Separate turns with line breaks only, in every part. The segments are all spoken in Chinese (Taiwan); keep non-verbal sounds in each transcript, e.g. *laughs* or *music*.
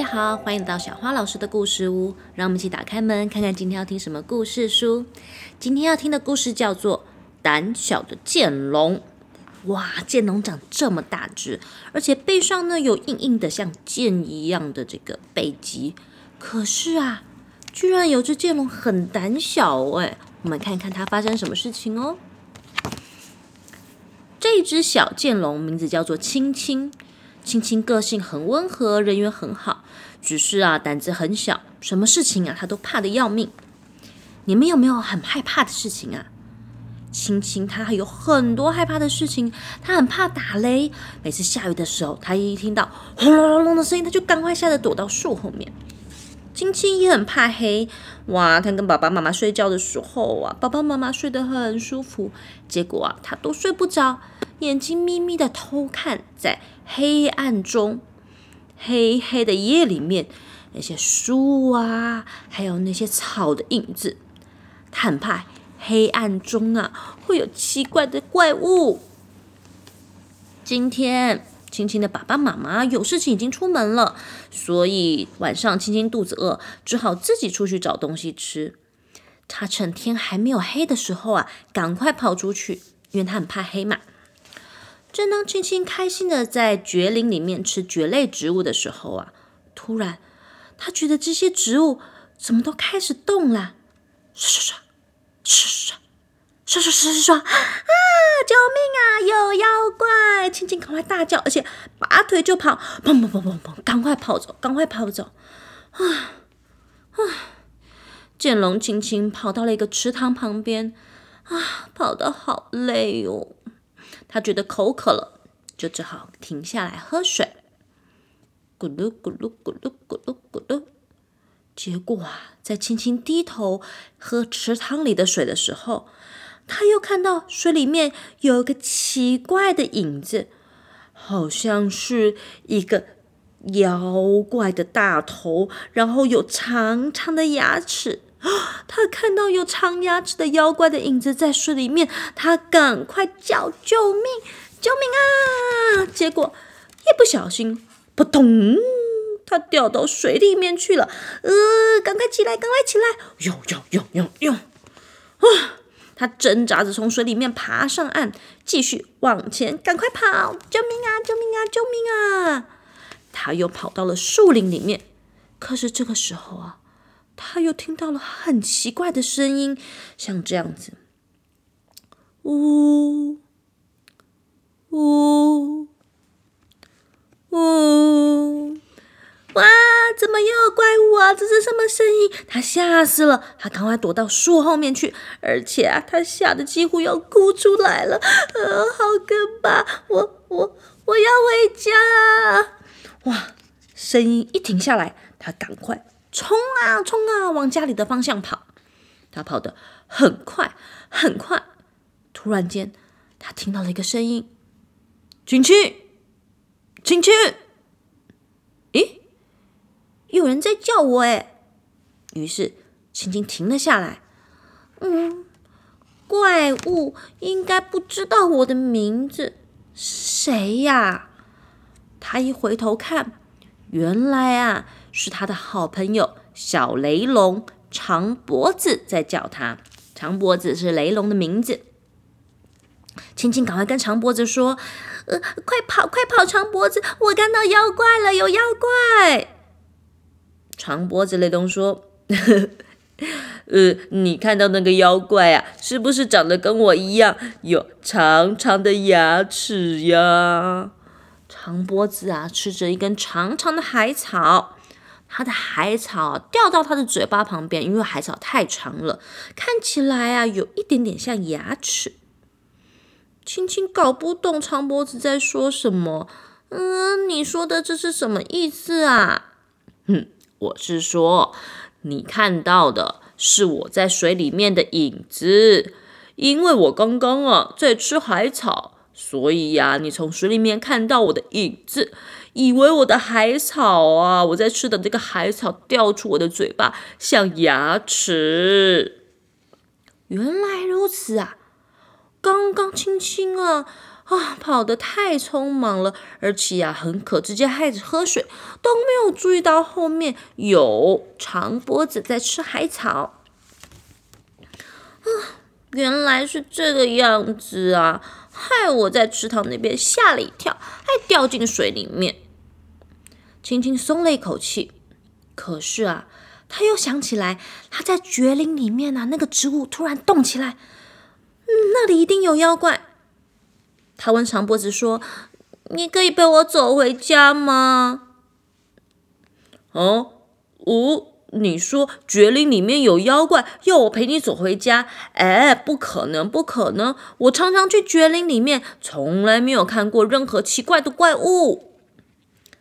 大家好，歡迎到小花老師的故事屋，讓我們一起打開門，看看今天要聽什麼故事書。今天要聽的故事叫做《膽小的劍龍》。哇，劍龍長這麼大隻，而且背上呢有硬硬的像劍一樣的這個背脊。可是啊，居然有隻劍龍很膽小哎、欸，我們看看它發生什麼事情哦。這一隻小劍龍名字叫做青青。青青個性很溫和，人緣很好，只是啊膽子很小，什麼事情啊他都怕得要命。你們有沒有很害怕的事情啊？青青他還有很多害怕的事情，他很怕打雷，每次下雨的時候，他一聽到轟隆隆隆的聲音，他就趕快嚇得躲到樹後面。青青也很怕黑，哇，他跟爸爸媽媽睡覺的時候啊，爸爸媽媽睡得很舒服，結果啊他都睡不着。眼睛眯眯的偷看，在黑暗中，黑黑的夜裡面，那些樹啊，還有那些草的影子，他很怕黑暗中啊會有奇怪的怪物。今天青青的爸爸媽媽有事情已經出門了，所以晚上青青肚子餓，只好自己出去找東西吃。他趁天還沒有黑的時候啊，趕快跑出去，因為他很怕黑嘛。正當青青開心的在蕨林裡面吃蕨類植物的時候啊，突然他覺得這些植物怎麼都開始動了，啊，刷刷刷刷刷刷刷刷刷刷啊！救命啊！有妖怪！青青趕快大叫，而且拔腿就跑，砰砰砰砰砰，趕快跑走，趕快跑走！啊啊！劍龍青青跑到了一個池塘旁邊，啊，跑得好累哦。他覺得口渴了，就只好停下來喝水。咕嚕咕嚕咕嚕咕嚕咕嚕，嚕，嚕，嚕，嚕，嚕。結果啊，在青青低頭喝池塘裡的水的時候，他又看到水裡面有一個奇怪的影子，好像是一個妖怪的大頭，然後有長長的牙齒。啊、哦，他看到有長牙齒的妖怪的影子在水裡面，他趕快叫救命，救命啊！結果一不小心，撲通，他掉到水裡面去了。呃，趕快起來，趕快起來！喲喲喲喲喲，啊！他掙扎着從水裡面爬上岸，繼續往前，趕快跑！救命啊！救命啊！救命啊！他又跑到了樹林裡面，可是這個時候啊。他又聽到了很奇怪的聲音，像這樣子，嗚，嗚，嗚，哇！怎麼又有怪物啊？這是什麼聲音？他嚇死了，他趕快躲到樹後面去。而且啊，他嚇得幾乎要哭出來了。呃，好可怕，我我我要回家啊！哇，聲音一停下來，他趕快。衝啊衝啊，往家裡的方向跑。他跑得很快很快，突然間，他聽到了一個聲音：“青青，青青。”咦，有人在叫我誒。於是青青停了下來。嗯，怪物應該不知道我的名字是誰呀？他一回頭看，原來啊。是他的好朋友小雷龍長脖子在叫他，長脖子是雷龍的名字。青青趕快跟長脖子說：“呃，快跑，快跑！長脖子，我看到妖怪了，有妖怪！”長脖子雷龍說呵呵：“呃，你看到那個妖怪啊，是不是長得跟我一樣，有長長的牙齒呀？”長脖子啊，吃着一根長長的海草。它的海草掉到它的嘴巴旁邊，因為海草太長了，看起來啊有一點點像牙齒。青青搞不懂長脖子在說什麼，嗯，你說的這是什麼意思啊？哼，我是說，你看到的是我在水裡面的影子，因為我剛剛啊在吃海草，所以呀，你從水裡面看到我的影子。以為我的海草啊，我在吃的這個海草掉出我的嘴巴像牙齒，原來如此啊！剛剛青青啊啊，跑得太匆忙了，而且呀、啊、很渴，直接開始喝水，都沒有注意到後面有長脖子在吃海草啊，原來是這個樣子啊！害我在池塘那邊嚇了一跳，還掉進水裡面，青青鬆了一口氣。可是啊，他又想起來，他在絕嶺裡面啊，那個植物突然動起來，嗯、那裡一定有妖怪。他問長脖子說：“你可以背我走回家嗎？”哦，我、哦。你說蕨林裡面有妖怪，要我陪你走回家？哎，不可能，不可能！我常常去蕨林裡面，從來沒有看過任何奇怪的怪物。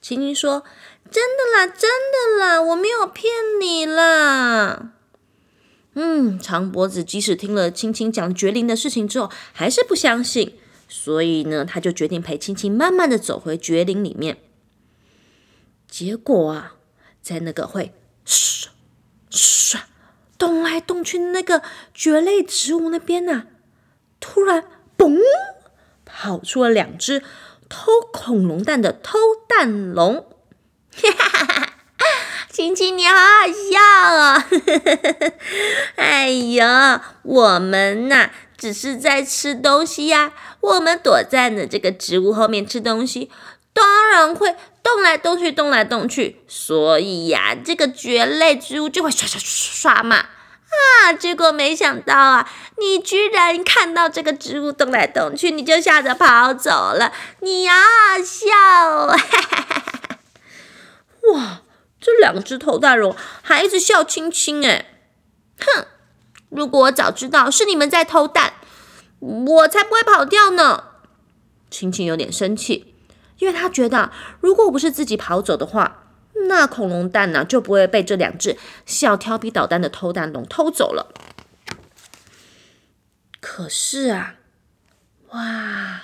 青青說：“真的啦，真的啦，我沒有騙你啦。”嗯，長脖子即使聽了青青講蕨林的事情之後，還是不相信，所以呢，他就決定陪青青慢慢的走回蕨林裡面。結果啊，在那個會。唰唰，動來動去那個蕨類植物那邊呢、啊，突然嘣，跑出了兩隻偷恐龍蛋的偷蛋龍。青 *laughs* 青，你好好笑哦！ *laughs* 哎呦，我們吶、啊、只是在吃東西呀、啊，我們躲在呢這個植物後面吃東西，當然會。動來動去，動來動去，所以呀、啊，這個蕨類植物就會刷刷刷刷嘛啊！結果沒想到啊，你居然看到這個植物動來動去，你就嚇得跑走了，你也好，好笑，哦！ *laughs* 哇，這兩隻偷蛋龍還一直笑青青哎，哼！如果我早知道是你們在偷蛋，我才不會跑掉呢。青青有點生氣。因為他覺得，如果不是自己跑走的話，那恐龍蛋呢、啊、就不會被這兩隻小調皮搗蛋的偷蛋龍偷走了。可是啊，哇，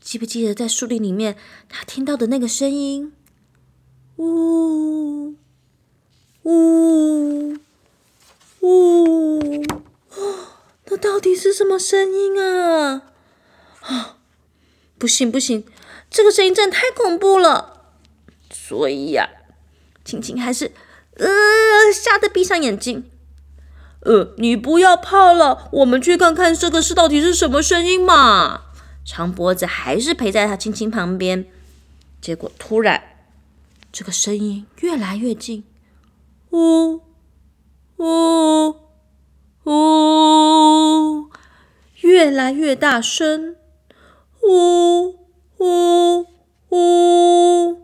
記不記得在樹林裡面他聽到的那個聲音？嗚嗚嗚！那到底是什麼聲音啊？啊、哦，不行不行！這個聲音真的太恐怖了，所以呀、啊，青青還是，呃，嚇得閉上眼睛。呃，你不要怕了，我們去看看這個是到底是什麼聲音嘛。長脖子還是陪在他青青旁邊。結果突然，這個聲音越來越近，嗚，嗚，嗚，嗚，越來越大聲，嗚。嗚嗚，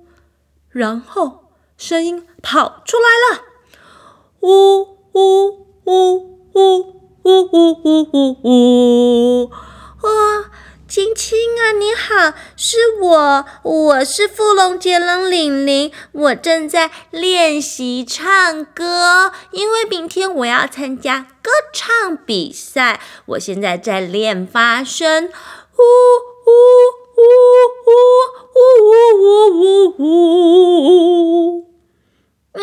然後聲音跑出來了，嗚嗚嗚嗚嗚嗚嗚嗚嗚！哇，青青啊，你好，是我，我是富龍杰倫玲玲，我正在練習唱歌，因為明天我要參加歌唱比賽，我現在在練發聲，嗚嗚。嗚嗚嗚嗚嗚嗚嗚！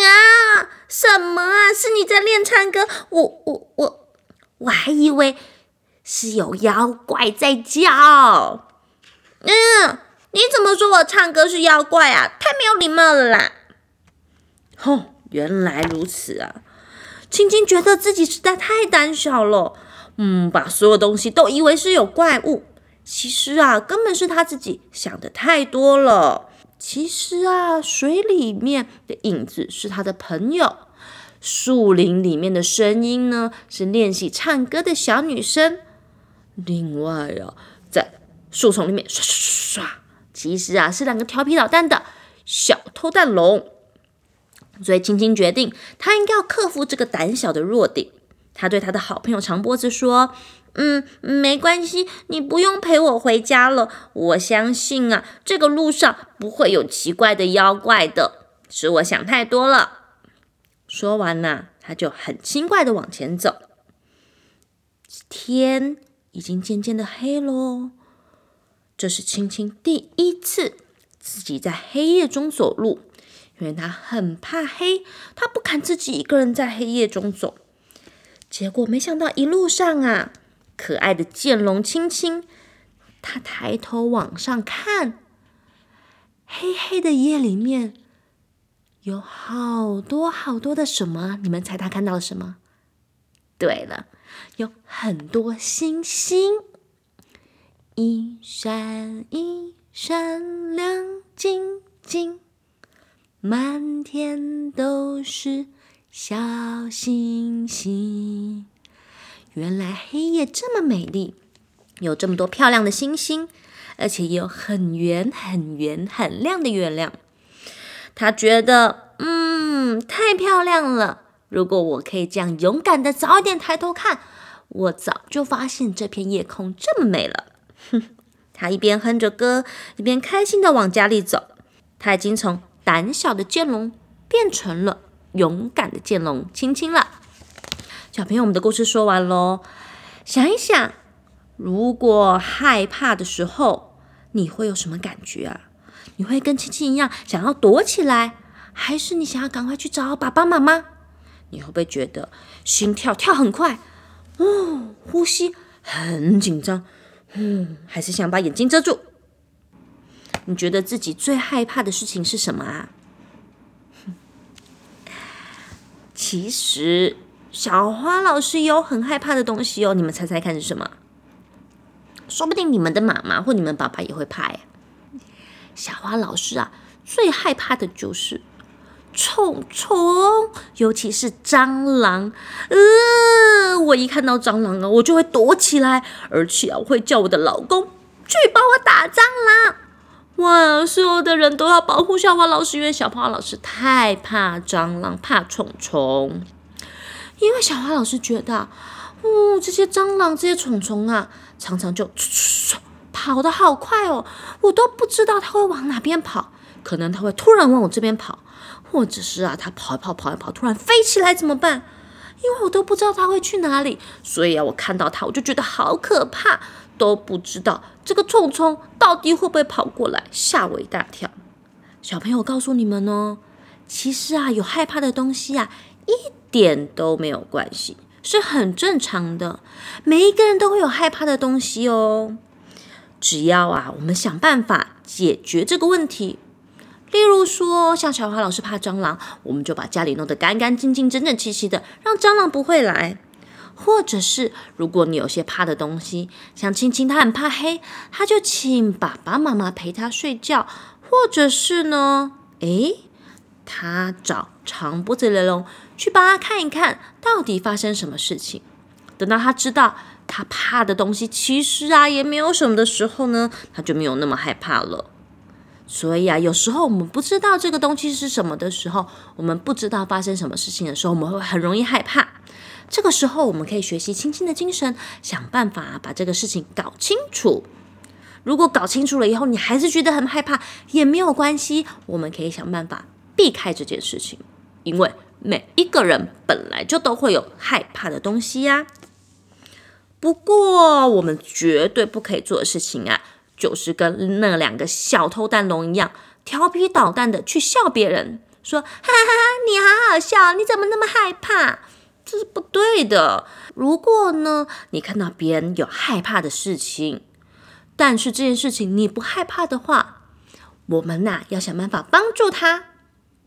啊，什麼啊？是你在練唱歌？我我我，我還以為是有妖怪在叫。嗯，你怎麼說我唱歌是妖怪啊？太沒有禮貌了啦！哼、哦，原來如此啊！青青覺得自己實在太膽小了。嗯，把所有東西都以為是有怪物。其實啊，根本是他自己想的太多了。其實啊，水裡面的影子是他的朋友，樹林裡面的聲音呢，是練習唱歌的小女生。另外啊，在樹叢裡面刷刷刷，其實啊，是兩個調皮搗蛋的小偷蛋龍。所以青青決定，他應該要克服這個膽小的弱點。他對他的好朋友長脖子說：嗯，沒關係，你不用陪我回家了。我相信啊，這個路上不會有奇怪的妖怪的，是我想太多了。說完呢，他就很輕快的往前走。天已經漸漸的黑嘍，這是青青第一次自己在黑夜中走路，因為他很怕黑，他不敢自己一個人在黑夜中走。結果沒想到一路上啊。可愛的劍龍青青，它抬頭往上看，黑黑的夜裡面有好多好多的什麼？你們猜它看到了什麼？對了，有很多星星，一閃一閃亮晶晶，滿天都是小星星。原來黑夜這麼美麗，有這麼多漂亮的星星，而且也有很圓、很圓、很亮的月亮。他覺得，嗯，太漂亮了。如果我可以這樣勇敢的早點抬頭看，我早就發現這片夜空這麼美了。哼，他一邊哼着歌，一邊開心的往家裡走。他已經從膽小的劍龍變成了勇敢的劍龍，青青了。小朋友，我們的故事說完嘍。想一想，如果害怕的時候，你會有什麼感覺啊？你會跟青青一樣想要躲起來，還是你想要趕快去找爸爸媽媽？你會不會覺得心跳跳很快？哦，呼吸很緊張。嗯，還是想把眼睛遮住。你覺得自己最害怕的事情是什麼啊？其實。小花老師有很害怕的東西哦，你們猜猜看是什麼？說不定你們的媽媽或你們爸爸也會怕呀、欸。小花老師啊，最害怕的就是蟲蟲，尤其是蟑螂。呃，我一看到蟑螂啊，我就會躲起來，而且啊，我會叫我的老公去幫我打蟑螂。哇，所有的人都要保護小花老師，因為小花老師太怕蟑螂，怕蟲蟲。因為小花老師覺得，哦、嗯，這些蟑螂，這些蟲蟲啊，常常就吮吮吮跑得好快哦，我都不知道它會往哪邊跑，可能它會突然往我這邊跑，或者是啊，它跑一跑跑一跑，突然飛起來怎麼辦？因為我都不知道它會去哪裡，所以啊，我看到它我就覺得好可怕，都不知道這個蟲蟲到底會不會跑過來嚇我一大跳。小朋友，我告訴你們哦，其實啊，有害怕的東西啊，一。點都沒有關係，是很正常的。每一個人都會有害怕的東西哦。只要啊，我們想辦法解決這個問題。例如說，像小華老師怕蟑螂，我們就把家裡弄得乾乾淨淨、整整齊齊的，讓蟑螂不會來。或者是，如果你有些怕的東西，像青青她很怕黑，她就請爸爸媽媽陪她睡覺。或者是呢，哎，她找長脖子雷龍。去幫他看一看到底發生什麼事情。等到他知道他怕的東西其實啊也沒有什麼的時候呢，他就沒有那麼害怕了。所以啊，有時候我們不知道這個東西是什麼的時候，我們不知道發生什麼事情的時候，我們會很容易害怕。這個時候，我們可以學習青青的精神，想辦法把這個事情搞清楚。如果搞清楚了以後，你還是覺得很害怕，也沒有關係，我們可以想辦法避開這件事情，因為。每一個人本來就都會有害怕的東西呀。不過，我們絕對不可以做的事情啊，就是跟那兩個小偷蛋龍一樣，調皮搗蛋的去笑別人，說：“哈哈哈，你好好笑，你怎麼那麼害怕？”這是不對的。如果呢，你看到別人有害怕的事情，但是這件事情你不害怕的話，我們吶，要想辦法幫助他。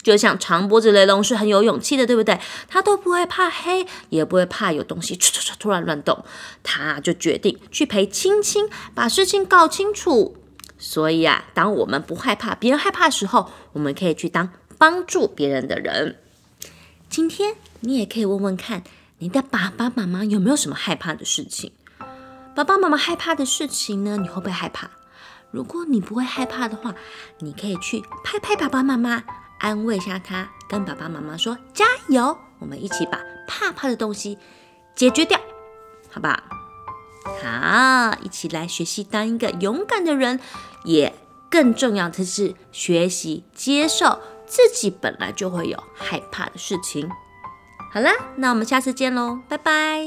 就像長脖子雷龍是很有勇氣的，對不對？他都不會怕黑，也不會怕有東西突然亂動。他就決定去陪青青，把事情搞清楚。所以啊，當我們不害怕別人害怕的時候，我們可以去當幫助別人的人。今天你也可以問問看，你的爸爸媽媽有沒有什麼害怕的事情？爸爸媽媽害怕的事情呢，你會不會害怕？如果你不會害怕的話，你可以去拍拍爸爸媽媽。安慰一下他，跟爸爸媽媽說加油，我們一起把怕怕的東西解決掉，好不好？好，一起來學習當一個勇敢的人，也更重要的是學習接受自己本來就會有害怕的事情。好啦，那我們下次見嘍，拜拜。